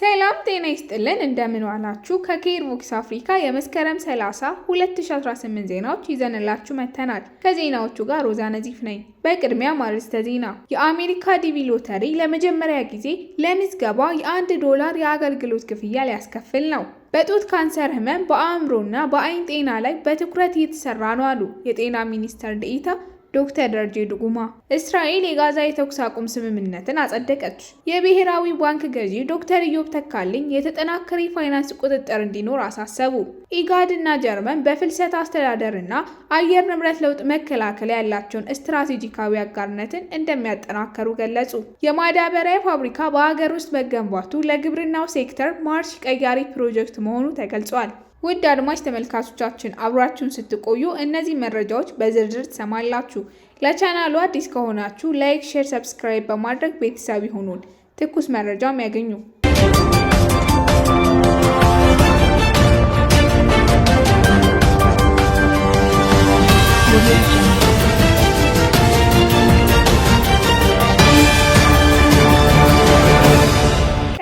ሰላም ጤና ይስጥልን፣ እንደምን ዋላችሁ? ከኬር ቮክስ አፍሪካ የመስከረም 30 2018 ዜናዎች ይዘንላችሁ መጥተናል። ከዜናዎቹ ጋር ሮዛ ነዚፍ ነኝ። በቅድሚያ ማርስተ ዜና የአሜሪካ ዲቪ ሎተሪ ለመጀመሪያ ጊዜ ለምዝገባ የአንድ ዶላር የአገልግሎት ክፍያ ሊያስከፍል ነው። በጡት ካንሰር ህመም፣ በአእምሮና በአይን ጤና ላይ በትኩረት እየተሰራ ነው አሉ የጤና ሚኒስተር ዴኤታ ዶክተር ደረጄ ድጉማ እስራኤል የጋዛ የተኩስ አቁም ስምምነትን አጸደቀች። የብሔራዊ ባንክ ገዢ ዶክተር ኢዮብ ተካልኝ የተጠናከረ የፋይናንስ ቁጥጥር እንዲኖር አሳሰቡ። ኢጋድ እና ጀርመን በፍልሰት አስተዳደር እና አየር ንብረት ለውጥ መከላከል ያላቸውን ስትራቴጂካዊ አጋርነትን እንደሚያጠናከሩ ገለጹ። የማዳበሪያ ፋብሪካ በሀገር ውስጥ መገንባቱ ለግብርናው ሴክተር ማርሽ ቀያሪ ፕሮጀክት መሆኑ ተገልጿል። ውድ አድማጭ ተመልካቾቻችን አብራችሁን ስትቆዩ እነዚህ መረጃዎች በዝርዝር ትሰማላችሁ። ለቻናሉ አዲስ ከሆናችሁ ላይክ፣ ሼር፣ ሰብስክራይብ በማድረግ ቤተሰብ ይሁኑን። ትኩስ መረጃም ያገኙ።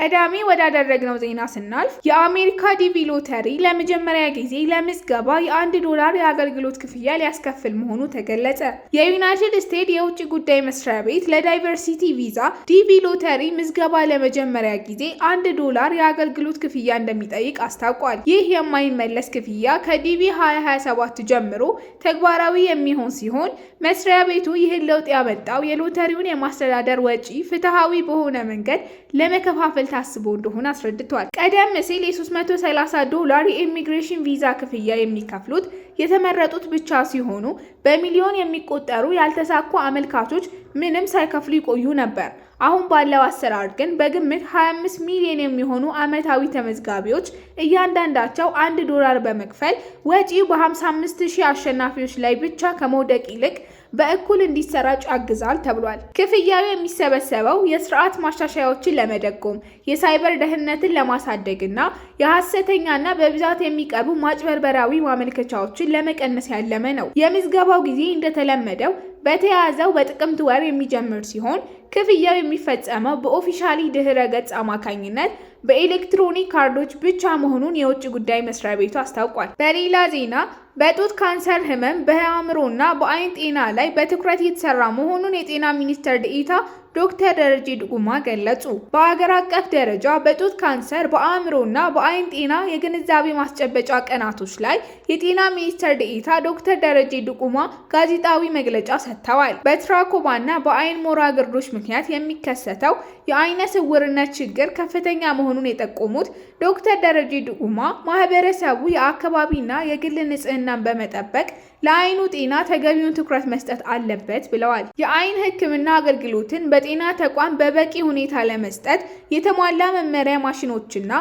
ቀዳሚ ወዳደረግነው ዜና ስናልፍ የአሜሪካ ዲቪ ሎተሪ ለመጀመሪያ ጊዜ ለምዝገባ የአንድ ዶላር የአገልግሎት ክፍያ ሊያስከፍል መሆኑ ተገለጸ። የዩናይትድ ስቴትስ የውጭ ጉዳይ መስሪያ ቤት ለዳይቨርሲቲ ቪዛ ዲቪ ሎተሪ ምዝገባ ለመጀመሪያ ጊዜ አንድ ዶላር የአገልግሎት ክፍያ እንደሚጠይቅ አስታውቋል። ይህ የማይመለስ ክፍያ ከዲቪ 2027 ጀምሮ ተግባራዊ የሚሆን ሲሆን መስሪያ ቤቱ ይህን ለውጥ ያመጣው የሎተሪውን የማስተዳደር ወጪ ፍትሐዊ በሆነ መንገድ ለመከፋፈል ታስቦ እንደሆነ አስረድተዋል። ቀደም ሲል የ330 ዶላር የኢሚግሬሽን ቪዛ ክፍያ የሚከፍሉት የተመረጡት ብቻ ሲሆኑ በሚሊዮን የሚቆጠሩ ያልተሳኩ አመልካቾች ምንም ሳይከፍሉ ይቆዩ ነበር። አሁን ባለው አሰራር ግን በግምት 25 ሚሊዮን የሚሆኑ ዓመታዊ ተመዝጋቢዎች እያንዳንዳቸው አንድ ዶላር በመክፈል ወጪው በ55 ሺህ አሸናፊዎች ላይ ብቻ ከመውደቅ ይልቅ በእኩል እንዲሰራጭ ያግዛል ተብሏል። ክፍያው የሚሰበሰበው የስርዓት ማሻሻያዎችን ለመደጎም፣ የሳይበር ደህንነትን ለማሳደግና የሐሰተኛና በብዛት የሚቀርቡ ማጭበርበራዊ ማመልከቻዎችን ለመቀነስ ያለመ ነው። የምዝገባው ጊዜ እንደተለመደው በተያያዘው በጥቅምት ወር የሚጀምር ሲሆን ክፍያው የሚፈጸመው በኦፊሻሊ ድህረ ገጽ አማካኝነት በኤሌክትሮኒክ ካርዶች ብቻ መሆኑን የውጭ ጉዳይ መስሪያ ቤቱ አስታውቋል። በሌላ ዜና በጡት ካንሰር ህመም፣ በአእምሮና በአይን ጤና ላይ በትኩረት እየተሰራ መሆኑን የጤና ሚኒስቴር ዴኤታ ዶክተር ደረጀ ድጉማ ገለጹ። በአገር አቀፍ ደረጃ በጡት ካንሰር፣ በአእምሮና በአይን ጤና የግንዛቤ ማስጨበጫ ቀናቶች ላይ የጤና ሚኒስትር ዴኤታ ዶክተር ደረጀ ድጉማ ጋዜጣዊ መግለጫ ሰጥተዋል። በትራኮማና በአይን ሞራ ግርዶሽ ምክንያት የሚከሰተው የአይነ ስውርነት ችግር ከፍተኛ መሆኑን የጠቆሙት ዶክተር ደረጀ ድጉማ ማህበረሰቡ የአካባቢና የግል ንጽህናን በመጠበቅ ለአይኑ ጤና ተገቢውን ትኩረት መስጠት አለበት ብለዋል። የአይን ሕክምና አገልግሎትን በጤ ለጤና ተቋም በበቂ ሁኔታ ለመስጠት የተሟላ መመሪያ ማሽኖችና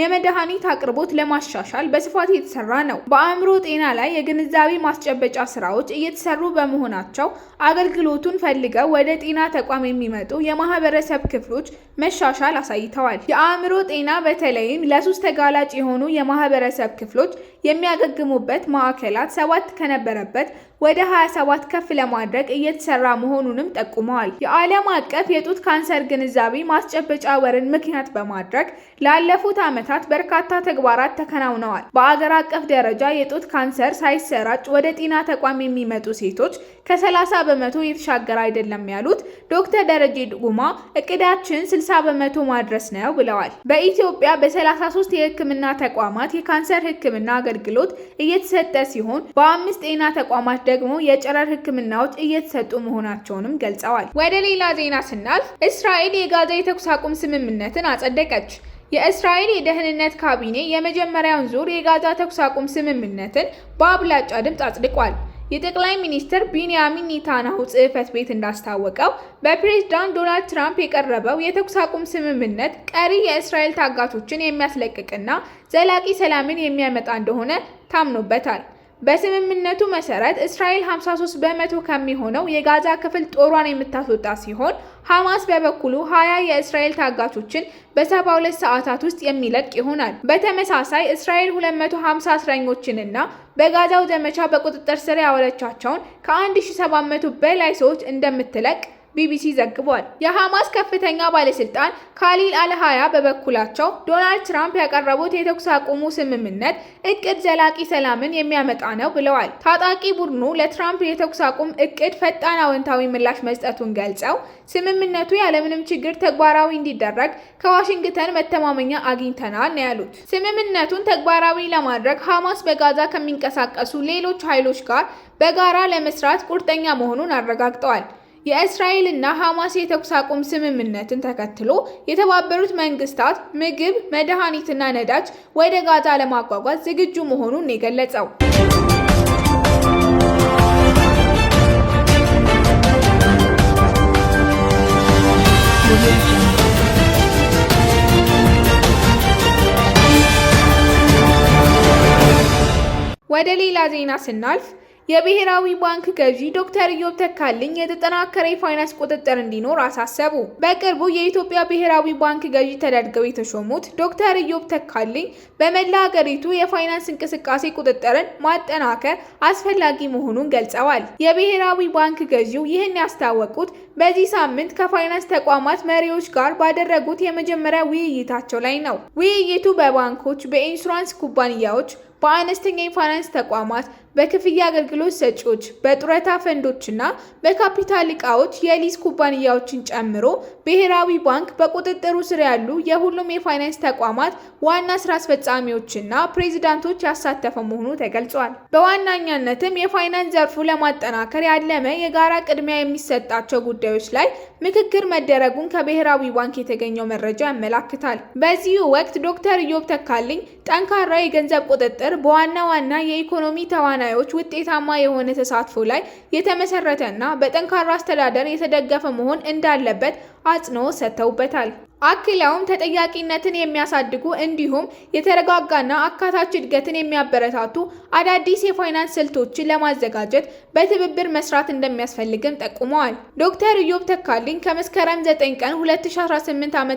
የመድኃኒት አቅርቦት ለማሻሻል በስፋት የተሰራ ነው። በአእምሮ ጤና ላይ የግንዛቤ ማስጨበጫ ስራዎች እየተሰሩ በመሆናቸው አገልግሎቱን ፈልገው ወደ ጤና ተቋም የሚመጡ የማህበረሰብ ክፍሎች መሻሻል አሳይተዋል። የአእምሮ ጤና በተለይም ለሱስ ተጋላጭ የሆኑ የማህበረሰብ ክፍሎች የሚያገግሙበት ማዕከላት ሰባት ከነበረበት ወደ 27 ከፍ ለማድረግ እየተሰራ መሆኑንም ጠቁመዋል። የዓለም አቀፍ የጡት ካንሰር ግንዛቤ ማስጨበጫ ወርን ምክንያት በማድረግ ላለፉት ዓመታት በርካታ ተግባራት ተከናውነዋል። በአገር አቀፍ ደረጃ የጡት ካንሰር ሳይሰራጭ ወደ ጤና ተቋም የሚመጡ ሴቶች ከ30 በመቶ የተሻገረ አይደለም ያሉት ዶክተር ደረጀ ድጉማ እቅዳችን 60 በመቶ ማድረስ ነው ብለዋል። በኢትዮጵያ በ33 የህክምና ተቋማት የካንሰር ሕክምና አገልግሎት እየተሰጠ ሲሆን በአምስት ጤና ተቋማት ደግሞ የጨረር ሕክምናዎች እየተሰጡ መሆናቸውንም ገልጸዋል። ወደ ሌላ ዜና ስናልፍ እስራኤል የጋዛ የተኩስ አቁም ስምምነትን አጸደቀች። የእስራኤል የደህንነት ካቢኔ የመጀመሪያውን ዙር የጋዛ ተኩስ አቁም ስምምነትን በአብላጫ ድምፅ አጽድቋል። የጠቅላይ ሚኒስትር ቢንያሚን ኔታንያሁ ጽህፈት ቤት እንዳስታወቀው በፕሬዝዳንት ዶናልድ ትራምፕ የቀረበው የተኩስ አቁም ስምምነት ቀሪ የእስራኤል ታጋቾችን የሚያስለቅቅና ዘላቂ ሰላምን የሚያመጣ እንደሆነ ታምኖበታል። በስምምነቱ መሰረት እስራኤል 53 በመቶ ከሚሆነው የጋዛ ክፍል ጦሯን የምታስወጣ ሲሆን ሐማስ በበኩሉ 20 የእስራኤል ታጋቾችን በ72 ሰዓታት ውስጥ የሚለቅ ይሆናል። በተመሳሳይ እስራኤል 250 እስረኞችንና በጋዛው ዘመቻ በቁጥጥር ስር ያዋለቻቸውን ከ1700 በላይ ሰዎች እንደምትለቅ ቢቢሲ ዘግቧል። የሐማስ ከፍተኛ ባለስልጣን ካሊል አልሃያ በበኩላቸው ዶናልድ ትራምፕ ያቀረቡት የተኩስ አቁሙ ስምምነት እቅድ ዘላቂ ሰላምን የሚያመጣ ነው ብለዋል። ታጣቂ ቡድኑ ለትራምፕ የተኩስ አቁም እቅድ ፈጣን አዎንታዊ ምላሽ መስጠቱን ገልጸው ስምምነቱ ያለምንም ችግር ተግባራዊ እንዲደረግ ከዋሽንግተን መተማመኛ አግኝተናል ነው ያሉት። ስምምነቱን ተግባራዊ ለማድረግ ሐማስ በጋዛ ከሚንቀሳቀሱ ሌሎች ኃይሎች ጋር በጋራ ለመስራት ቁርጠኛ መሆኑን አረጋግጠዋል። የእስራኤል ሐማስ የተኩስ አቁም ስምምነትን ተከትሎ የተባበሩት መንግስታት ምግብ፣ መድኃኒትና ነዳጅ ወደ ጋዛ ለማጓጓዝ ዝግጁ መሆኑን የገለጸው ወደ ሌላ ዜና ስናልፍ የብሔራዊ ባንክ ገዢ ዶክተር ኢዮብ ተካልኝ የተጠናከረ የፋይናንስ ቁጥጥር እንዲኖር አሳሰቡ። በቅርቡ የኢትዮጵያ ብሔራዊ ባንክ ገዢ ተደርገው የተሾሙት ዶክተር ኢዮብ ተካልኝ በመላ ሀገሪቱ የፋይናንስ እንቅስቃሴ ቁጥጥርን ማጠናከር አስፈላጊ መሆኑን ገልጸዋል። የብሔራዊ ባንክ ገዢው ይህን ያስታወቁት በዚህ ሳምንት ከፋይናንስ ተቋማት መሪዎች ጋር ባደረጉት የመጀመሪያ ውይይታቸው ላይ ነው። ውይይቱ በባንኮች፣ በኢንሹራንስ ኩባንያዎች፣ በአነስተኛ የፋይናንስ ተቋማት በክፍያ አገልግሎት ሰጪዎች፣ በጡረታ ፈንዶችና በካፒታል እቃዎች የሊዝ ኩባንያዎችን ጨምሮ ብሔራዊ ባንክ በቁጥጥሩ ስር ያሉ የሁሉም የፋይናንስ ተቋማት ዋና ስራ አስፈጻሚዎችና ፕሬዚዳንቶች ያሳተፈ መሆኑ ተገልጿል። በዋናኛነትም የፋይናንስ ዘርፉ ለማጠናከር ያለመ የጋራ ቅድሚያ የሚሰጣቸው ጉዳዮች ላይ ምክክር መደረጉን ከብሔራዊ ባንክ የተገኘው መረጃ ያመላክታል። በዚሁ ወቅት ዶክተር ኢዮብ ተካልኝ ጠንካራ የገንዘብ ቁጥጥር በዋና ዋና የኢኮኖሚ ተዋና ተዋናዮች ውጤታማ የሆነ ተሳትፎ ላይ የተመሰረተ እና በጠንካራ አስተዳደር የተደገፈ መሆን እንዳለበት አጽንኦት ሰጥተውበታል። አክለውም ተጠያቂነትን የሚያሳድጉ እንዲሁም የተረጋጋና አካታች እድገትን የሚያበረታቱ አዳዲስ የፋይናንስ ስልቶችን ለማዘጋጀት በትብብር መስራት እንደሚያስፈልግም ጠቁመዋል። ዶክተር ኢዮብ ተካልኝ ከመስከረም 9 ቀን 2018 ዓ.ም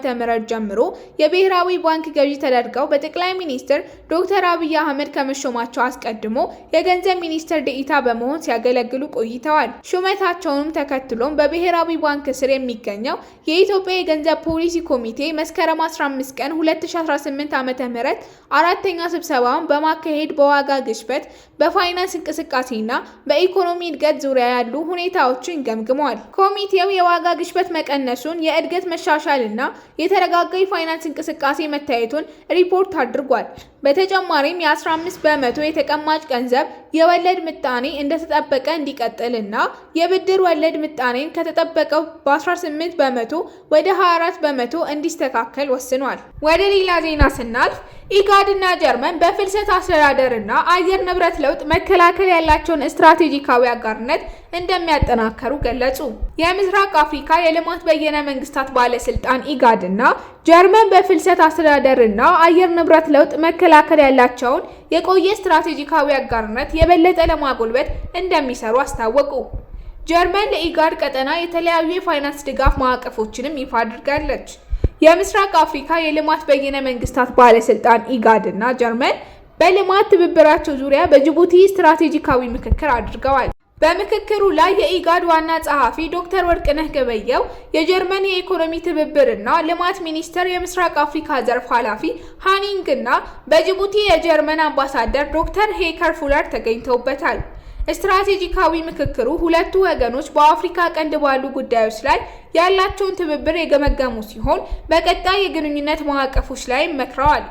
ጀምሮ የብሔራዊ ባንክ ገዢ ተደርገው በጠቅላይ ሚኒስትር ዶክተር አብይ አህመድ ከመሾማቸው አስቀድሞ የገንዘብ ሚኒስትር ደኢታ በመሆን ሲያገለግሉ ቆይተዋል። ሹመታቸውንም ተከትሎም በብሔራዊ ባንክ ስር የሚገኘው የኢትዮጵያ የገንዘብ ፖሊሲ ኮሚቴ መስከረም 15 ቀን 2018 ዓ.ም አራተኛ ስብሰባውን በማካሄድ በዋጋ ግሽበት፣ በፋይናንስ እንቅስቃሴና በኢኮኖሚ እድገት ዙሪያ ያሉ ሁኔታዎችን ገምግመዋል። ኮሚቴው የዋጋ ግሽበት መቀነሱን፣ የእድገት መሻሻልና የተረጋጋ የፋይናንስ እንቅስቃሴ መታየቱን ሪፖርት አድርጓል። በተጨማሪም የ15 በመቶ የተቀማጭ ገንዘብ የወለድ ምጣኔ እንደተጠበቀ እንዲቀጥልና የብድር ወለድ ምጣኔን ከተጠበቀው በ18 በመቶ ወደ 24 በመቶ እንዲስተካከል ወስኗል። ወደ ሌላ ዜና ስናልፍ ኢጋድና ጀርመን በፍልሰት አስተዳደርና አየር ንብረት ለውጥ መከላከል ያላቸውን ስትራቴጂካዊ አጋርነት እንደሚያጠናከሩ ገለጹ። የምስራቅ አፍሪካ የልማት በየነ መንግስታት ባለስልጣን ኢጋድ ና ጀርመን በፍልሰት አስተዳደርና አየር ንብረት ለውጥ መከላከል ያላቸውን የቆየ ስትራቴጂካዊ አጋርነት የበለጠ ለማጎልበት እንደሚሰሩ አስታወቁ። ጀርመን ለኢጋድ ቀጠና የተለያዩ የፋይናንስ ድጋፍ ማዕቀፎችንም ይፋ አድርጋለች። የምስራቅ አፍሪካ የልማት በይነ መንግስታት ባለስልጣን ኢጋድ እና ጀርመን በልማት ትብብራቸው ዙሪያ በጅቡቲ ስትራቴጂካዊ ምክክር አድርገዋል። በምክክሩ ላይ የኢጋድ ዋና ጸሐፊ ዶክተር ወርቅነህ ገበየው፣ የጀርመን የኢኮኖሚ ትብብርና ልማት ሚኒስቴር የምስራቅ አፍሪካ ዘርፍ ኃላፊ ሃኒንግ እና በጅቡቲ የጀርመን አምባሳደር ዶክተር ሄከር ፉለር ተገኝተውበታል። ስትራቴጂካዊ ምክክሩ ሁለቱ ወገኖች በአፍሪካ ቀንድ ባሉ ጉዳዮች ላይ ያላቸውን ትብብር የገመገሙ ሲሆን በቀጣይ የግንኙነት ማዕቀፎች ላይም መክረዋል።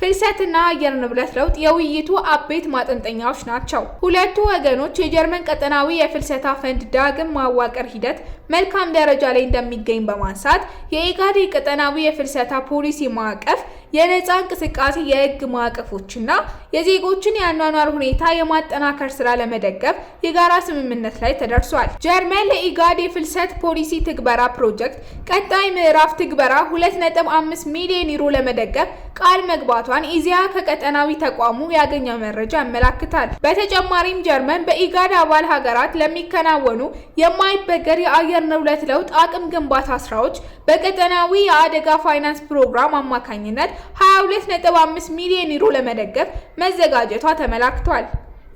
ፍልሰትና አየር ንብረት ለውጥ የውይይቱ አበይት ማጠንጠኛዎች ናቸው። ሁለቱ ወገኖች የጀርመን ቀጠናዊ የፍልሰታ ፈንድ ዳግም ማዋቀር ሂደት መልካም ደረጃ ላይ እንደሚገኝ በማንሳት የኢጋዴ ቀጠናዊ የፍልሰታ ፖሊሲ ማዕቀፍ የነፃ እንቅስቃሴ የህግ ማዕቀፎችና የዜጎችን የአኗኗር ሁኔታ የማጠናከር ስራ ለመደገፍ የጋራ ስምምነት ላይ ተደርሷል። ጀርመን ለኢጋድ የፍልሰት ፖሊሲ ትግበራ ፕሮጀክት ቀጣይ ምዕራፍ ትግበራ 2.5 ሚሊዮን ዩሮ ለመደገፍ ቃል መግባቷን ኢዜአ ከቀጠናዊ ተቋሙ ያገኘው መረጃ ያመላክታል። በተጨማሪም ጀርመን በኢጋድ አባል ሀገራት ለሚከናወኑ የማይበገር የአየር ንብረት ለውጥ አቅም ግንባታ ስራዎች በቀጠናዊ የአደጋ ፋይናንስ ፕሮግራም አማካኝነት 22.5 ሚሊዮን ዩሮ ለመደገፍ መዘጋጀቷ ተመላክቷል።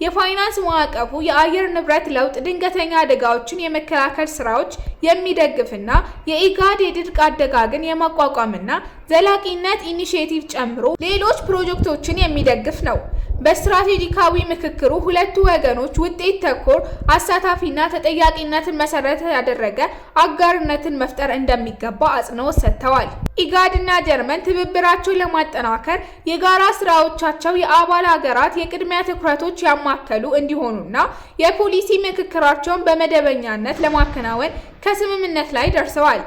የፋይናንስ ማዕቀፉ የአየር ንብረት ለውጥ ድንገተኛ አደጋዎችን የመከላከል ስራዎች የሚደግፍና የኢጋድ የድርቅ አደጋግን የማቋቋምና ዘላቂነት ኢኒሽቲቭ ጨምሮ ሌሎች ፕሮጀክቶችን የሚደግፍ ነው። በስትራቴጂካዊ ምክክሩ ሁለቱ ወገኖች ውጤት ተኮር አሳታፊና ተጠያቂነትን መሰረት ያደረገ አጋርነትን መፍጠር እንደሚገባ አጽንኦት ሰጥተዋል። ኢጋድና ጀርመን ትብብራቸውን ለማጠናከር የጋራ ስራዎቻቸው የአባል ሀገራት የቅድሚያ ትኩረቶች ያማከሉ እንዲሆኑና የፖሊሲ ምክክራቸውን በመደበኛነት ለማከናወን ከስምምነት ላይ ደርሰዋል።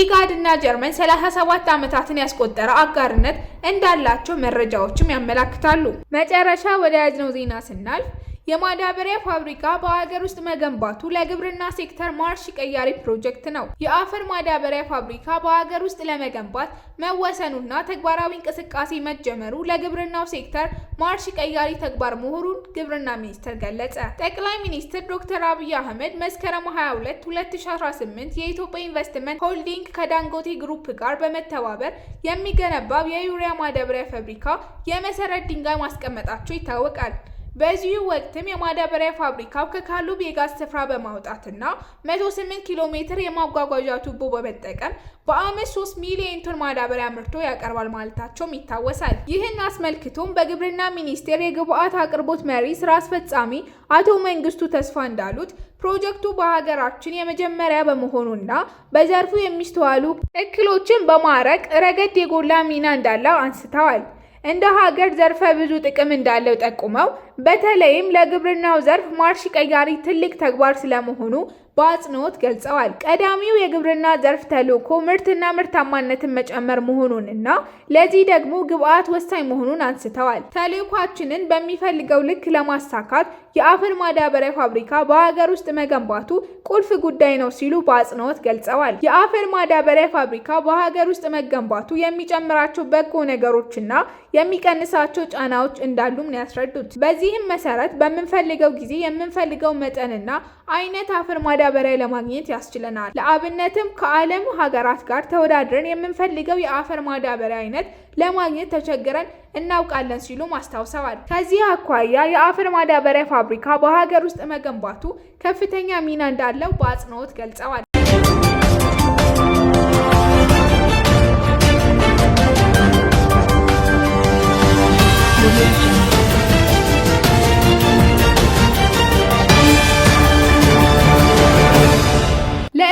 ኢጋድ እና ጀርመን 37 ዓመታትን ያስቆጠረ አጋርነት እንዳላቸው መረጃዎችም ያመላክታሉ። መጨረሻ ወደ ያዝነው ዜና ስናልፍ የማዳበሪያ ፋብሪካ በሀገር ውስጥ መገንባቱ ለግብርና ሴክተር ማርሽ ቀያሪ ፕሮጀክት ነው። የአፈር ማዳበሪያ ፋብሪካ በሀገር ውስጥ ለመገንባት መወሰኑና ተግባራዊ እንቅስቃሴ መጀመሩ ለግብርናው ሴክተር ማርሽ ቀያሪ ተግባር መሆኑን ግብርና ሚኒስቴር ገለጸ። ጠቅላይ ሚኒስትር ዶክተር አብይ አህመድ መስከረም 22 2018 የኢትዮጵያ ኢንቨስትመንት ሆልዲንግ ከዳንጎቴ ግሩፕ ጋር በመተባበር የሚገነባው የዩሪያ ማዳበሪያ ፋብሪካ የመሰረት ድንጋይ ማስቀመጣቸው ይታወቃል። በዚሁ ወቅትም የማዳበሪያ ፋብሪካው ከካሉብ የጋዝ ስፍራ በማውጣትና 108 ኪሎ ሜትር የማጓጓዣ ቱቦ በመጠቀም በአመት 3 ሚሊዮን ቶን ማዳበሪያ ምርቶ ያቀርባል ማለታቸውም ይታወሳል። ይህን አስመልክቶም በግብርና ሚኒስቴር የግብአት አቅርቦት መሪ ስራ አስፈጻሚ አቶ መንግስቱ ተስፋ እንዳሉት ፕሮጀክቱ በሀገራችን የመጀመሪያ በመሆኑና በዘርፉ የሚስተዋሉ እክሎችን በማረቅ ረገድ የጎላ ሚና እንዳለው አንስተዋል። እንደ ሀገር ዘርፈ ብዙ ጥቅም እንዳለው ጠቁመው በተለይም ለግብርናው ዘርፍ ማርሽ ቀያሪ ትልቅ ተግባር ስለመሆኑ በአጽንኦት ገልጸዋል። ቀዳሚው የግብርና ዘርፍ ተልዕኮ ምርትና ምርታማነትን መጨመር መሆኑን እና ለዚህ ደግሞ ግብአት ወሳኝ መሆኑን አንስተዋል። ተልዕኳችንን በሚፈልገው ልክ ለማሳካት የአፈር ማዳበሪያ ፋብሪካ በሀገር ውስጥ መገንባቱ ቁልፍ ጉዳይ ነው ሲሉ በአጽንኦት ገልጸዋል። የአፈር ማዳበሪያ ፋብሪካ በሀገር ውስጥ መገንባቱ የሚጨምራቸው በጎ ነገሮችና የሚቀንሳቸው ጫናዎች እንዳሉም ነው ያስረዱት። በዚህም መሰረት በምንፈልገው ጊዜ የምንፈልገው መጠንና አይነት አፈር ማዳበሪያ ለማግኘት ያስችለናል። ለአብነትም ከዓለም ሀገራት ጋር ተወዳድረን የምንፈልገው የአፈር ማዳበሪያ አይነት ለማግኘት ተቸግረን እናውቃለን ሲሉ ማስታውሰዋል። ከዚህ አኳያ የአፈር ማዳበሪያ ፋብሪካ በሀገር ውስጥ መገንባቱ ከፍተኛ ሚና እንዳለው በአጽንኦት ገልጸዋል።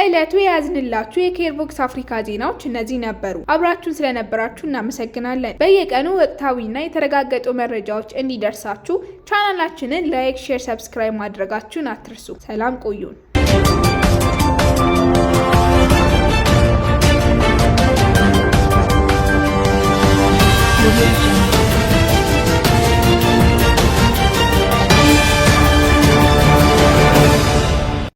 ለዕለቱ የያዝንላችሁ የኬርቦክስ አፍሪካ ዜናዎች እነዚህ ነበሩ። አብራችሁን ስለነበራችሁ እናመሰግናለን። በየቀኑ ወቅታዊና የተረጋገጡ መረጃዎች እንዲደርሳችሁ ቻናላችንን ላይክ፣ ሼር፣ ሰብስክራይብ ማድረጋችሁን አትርሱ። ሰላም ቆዩን። We'll